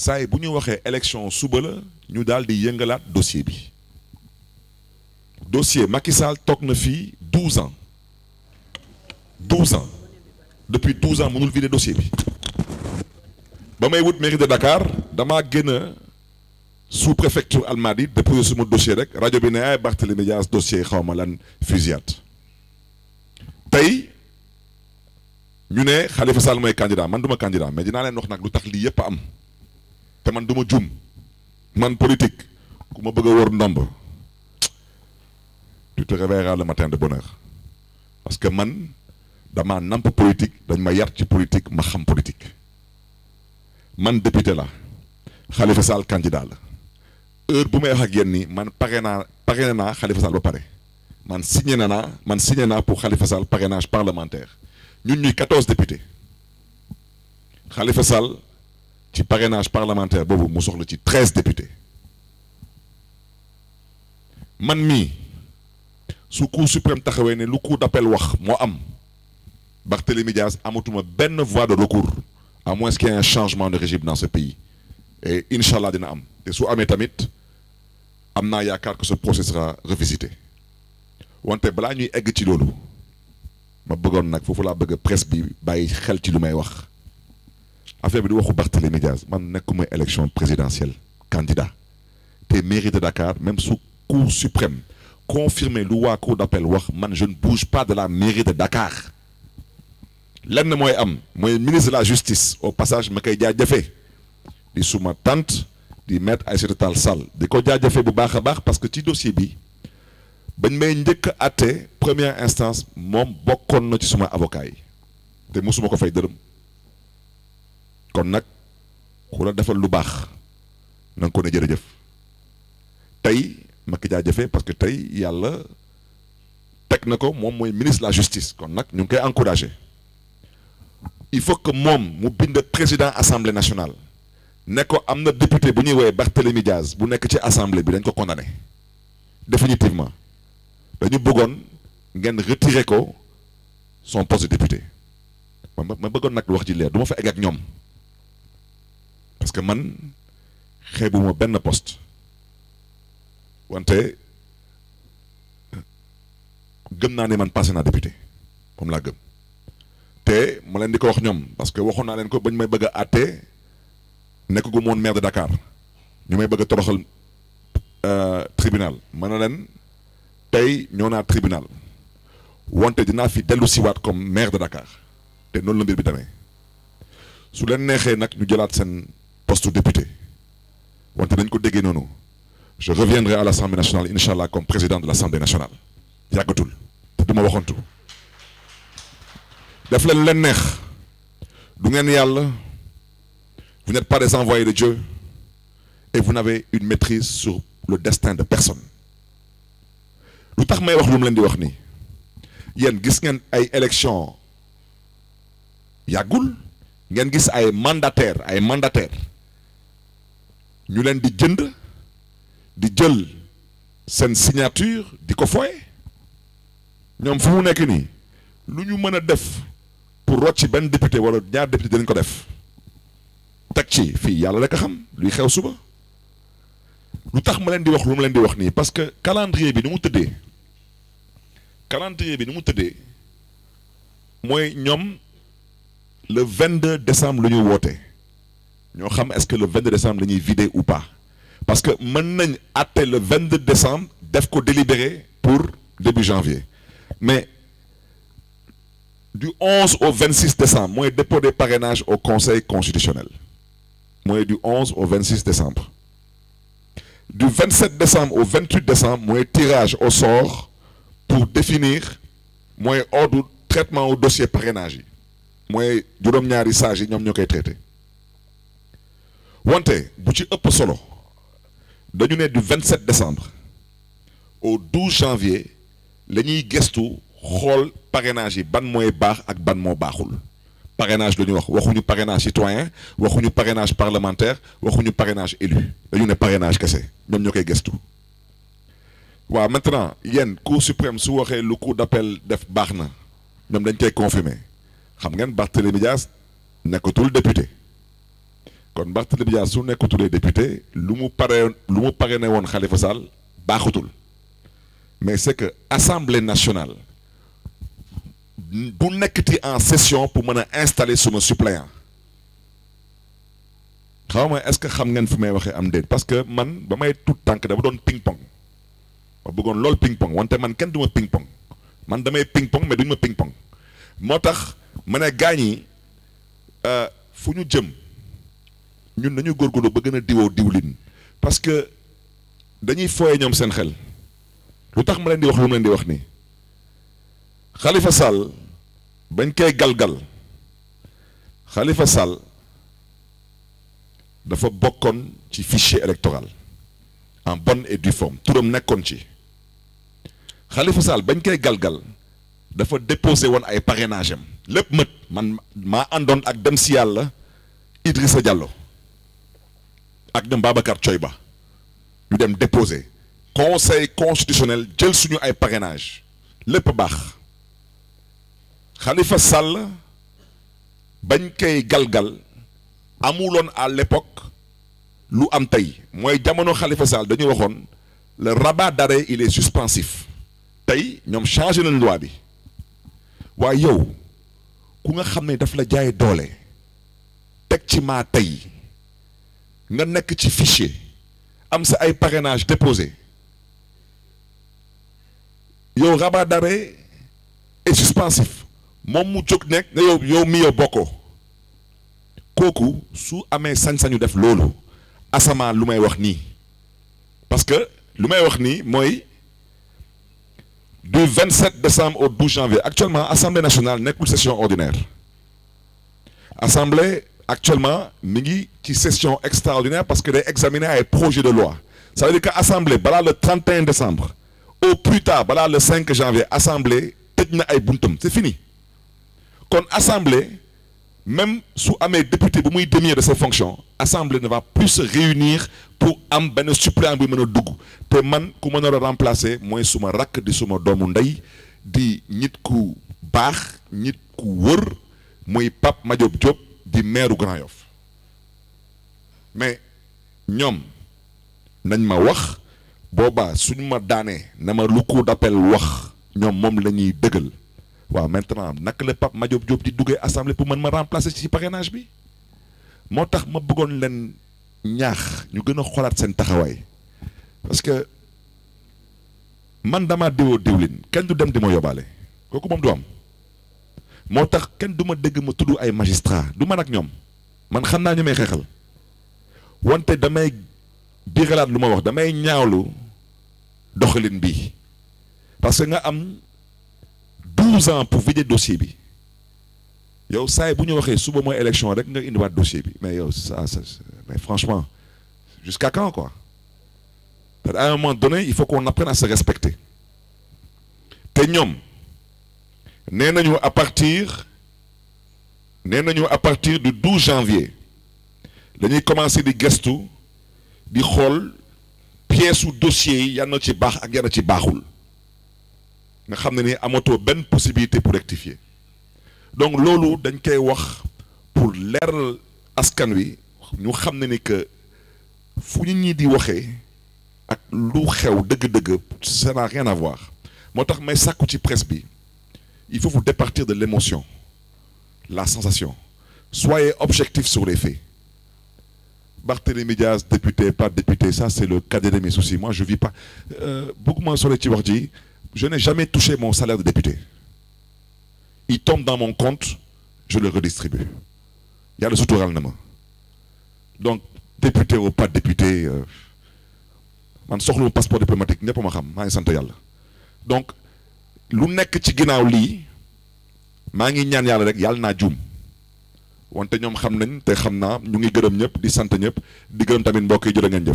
saa yi bu ñu waxee élection suba la ñu daal di yëngalaat dossier bi dossier Macky Sall toog na fii douze ans douze depuis douze ans mënul vider dossier bi ba may wut mairie de Dakar damaa gën a sous al Almadies déposé suma dossier rek rajo bi ne ay eh, Barthélémy Dias dossier xaw ma lan fusillade tey ñu ne Khalifa Sall mooy candidat man duma candidat mais dinaa leen wax nag lu tax lii yëpp am te man du ma juum man politique ku ma bëgg a wër ndomb tu te réveilleras le matin de bonne parce que man dama namp politique dañ ma yar ci politique ma xam politique man député la Khalifa Sall candidat la heure bu may wax ak yéen man pare naa pare naa Khalifa Sall ba pare man signé na naa man signé naa pour Khalifa Sall parrainage parlementaire ñun ñuy 14 députés Khalifa Sall ci parrainage parlementaire boobu mu soxla ci treize députés man mii su cour suprême taxawee ne lu cour d'appel wax moo am Barthélémy Dias amatuma benn voie de recours à moins qu'il un changement de régime dans ce pays et incha allah dina am te su amee tamit am naa yaakaar que ce procès revisité wante balaa ñuy egg ci loolu ma bëggoon nag foofu laa bëgg presse bi bàyyi xel ci lu may wax. affaire bi du waxu Barthélémy Diaz man nekkuma élection présidentielle candidat te mairie de Dakar même su cour suprême confirmé lu waa cour d'appel wax man je ne bouge de la mairie de Dakar lenn mooy am mooy ministre la justice au passage ma koy jaajëfee di suma tant di maître Aïssata Tall sal di ko jaajëfee bu baax a baax parce que ci dossier bi bañ may njëkk a àtte première instance moom bokkoon na ci suma avocat yi te mosuma ko fay dërëm. kon nag ku la defal lu baax na ko ne jërëjëf tey ma ki Macky jaajëfee parce que tey yàlla teg na ko moom mooy ministre de la justice kon nag ñu ngi koy encouragé il faut que moom mu bind président assemblée nationale ne ko am na député bu ñuy woowee Barthélémy Diaz bu nekk ci assemblée bi dañ ko condamné définitivement dañu bëggoon ngeen retirer ko son poste de député ma ma bëggoon nag wax ci leer du ma fa egg ak ñoom. parce que man xeebuma benn poste wante gëm naa ne man passé naa député moom laa gëm te ma leen di ko wax ñoom parce que waxoon naa leen ko bañ may bëgg a àttee nekk gu moon maire de Dakar ñu may bëgg a toroxal euh, tribunal ma ne leen tey ñoo naa tribunal wante dinaa fi dellu siwaat comme maire de Dakar te noonu la mbir bi demee su leen neexee nag ñu jëlaat seen poste député wante nañ ko déggee noonu je reviendrai à l'Assemblée nationale incha allah comme président de l'Assemblée nationale yàggatul te du ma waxantu leen leen neex du ngeen yàlla vous n'êtes pas des envoyés de Dieu et vous n'avez une maîtrise sur le destin de personne lu tax may wax lu mu leen di wax ni yéen gis ngeen ay élections yàggul ngeen gis ay mandater ay mandater ñu leen di jënd di jël seen signature di ko foye ñoom fu mu nekk nii lu ñu mën a def pour rocc ci benn député wala ñaar député dañ ko def teg ci fii yàlla rek a xam luy xew suba lu tax ma leen di wax lu ma leen di wax nii parce que calendrier bi ni mu tëddee calendrier bi ni mu tëddee mooy ñoom le 22 décembre lu ñu woote. ñoo xam est-ce que le 22 décembre la ñuy vider ou pas parce que mën nañ àtte le 22 décembre def ko délibéré pour début janvier mais du 11 au 26 décembre mooy dépôt des parrainages au conseil constitutionnel mooy du 11 au 26 décembre du 27 décembre au 28 décembre mooy tirage au sort pour définir mooy ordre traitement au dossier parrainage yi mooy juróom-ñaari sages yi ñoom ñoo koy traité wante bu ci ëpp solo dañu ne du 27 décembre au 12 janvier la ñuy gestu xool parrainage yi ban mooy baax ak ban moo baaxul parenage la ñu wax waxuñu parrainage citoyen waxuñu parrainage parlementaire waxuñu parrainage élu dañu ne parrainage kese ñoom ñoo koy gestu waa maintenant yéen cour suprême su waxee lu cour d'appel def baax na ñoom dañ koy confirmer xam ngeen Barthélémy Dias nekkatul député kon Barthélémy Dias su nekkutulee député lu mu pare lu mu pare na woon Khalifa Sall baaxutul mais c'est que assemblée nationale du nekkati en session pour mën a installer suma suppléant xaw ma est que xam ngeen fu may waxee am déet parce que man ba may tout tànk dafa doon ping pong ma bëggoon lool ping pong wante man kenn du ma ping pong man damay ping pong mais duñu ma ping pong moo tax ma ne gaañi euh, fu ñu jëm. ñun nañu góorgóorlu ba gën a diwoo diwlin parce que dañuy fooye ñoom seen xel lu tax ma leen di wax lu ma leen di wax nii Khalifa Sall bañ koy galgal xalifa Sall dafa bokkoon ci fichier électoral en bonne et due forme turam nekkoon ci Khalifa Sall bañ koy galgal dafa déposé woon ay parrainage am lépp mët man maa àndoon ak dem si yàlla sa Diallo ak ñoom Babacar Coy ba ñu dem déposé conseil constitutionnel jël suñu ay parrainage lépp baax xalifa Sall bañ koy galgal amuloon à l'époque lu am tey mooy jamono Khalifa Sall dañu waxoon le rabat d'arrêt il est suspensif tey ñoom changé nañ loi bi waaye yow ku nga xam ne daf la jaay doole teg ci maa tey nga nekk ci fichier am sa ay parrainage déposé yow rabat d'arrêt et suspensif moom mu jóg nekk nga yow yow mi yow bokkoo kooku su amee sañ-sañu def loolu asamaan lu may wax nii parce que lu may wax nii mooy du 27 décembre au 12 janvier actuellement assemblée nationale nekkul session ordinaire assemblée actuellement mi ngi ci session extraordinaire parce que day examiner ay projet de loi ça veut dire que assemblée balaa le 31 décembre au plus tard balaa le 5 janvier assemblée tëj na ay buntam c'est fini kon assemblée même su amee député bu muy démis de ses fonctions assemblée ne va plus se réunir pour am benn suppléant bi mën a dugg te man ku mën a remplacer mooy suma rakk di suma doomu ndey di nit ku baax nit ku wër muy Pape Madiop Diop di meeru Grand mais ñoom nañ ma wax boobaa suñu ma daanee na ma lu cour d'appel wax ñoom moom la ñuy dëggal waaw maintenant naka la Pape Madiop Diop di duggee assemblée pour man ma remplacer ci parrainage bi moo tax ma bëggoon leen ñaax ñu gën a xoolaat seen taxawaay parce que man dama diwoo diwlin kenn du dem di ma yóbbaale kooku moom du am moo tax kenn du ma dégg ma tudd ay magistrat du man ak ñoom man xam naa ñu may xeexal wante damay biiralaat lu ma wax damay ñaawlu doxalin bi parce que nga am douze ans pour vider dossier bi yow saay bu ñu waxee suba mooy élection rek nga indiwaat dossier bi mais yow ça mais franchement jusqu'à quand quoi parce que à un moment donné il faut qu'on apprenne à se respecter te ñoom nee nañu à partir nee nañu à partir du 12 janvier dañuy commencer di gestu di xool pièce u dossier yan ci baax ak yan ci baaxul nga xam na ni amatoo benn possibilité pour rectifier donc loolu dañ koy wax pour leeral askan wi ñu xam ne ni que fu ñu ñii di waxee ak lu xew dëgg-dëgg ça n'a rien à moo tax may sàkku ci presse bi il faut vous départir de l'émotion, la sensation. Soyez objectif sur les faits. Barthélémy Diaz député pas député ça c'est le cadet de mes soucis moi je vis pas euh, beaucoup moins sur les tiroirs je n'ai jamais touché mon salaire de député il tombe dans mon compte je le redistribue yàlla suturaal na ma donc député ou pas député euh, man soxlu passeport diplomatique ñëpp ma xam maa ngi sant yàlla donc lu nekk ci ginnaaw lii maa ngi ñaan yàlla rek yàlla naa juum wante ñoom xam nañ te xam naa ñu ngi gërëm ñëpp di sant ñëpp di gërëm tamit mbokk yi jërë ngeen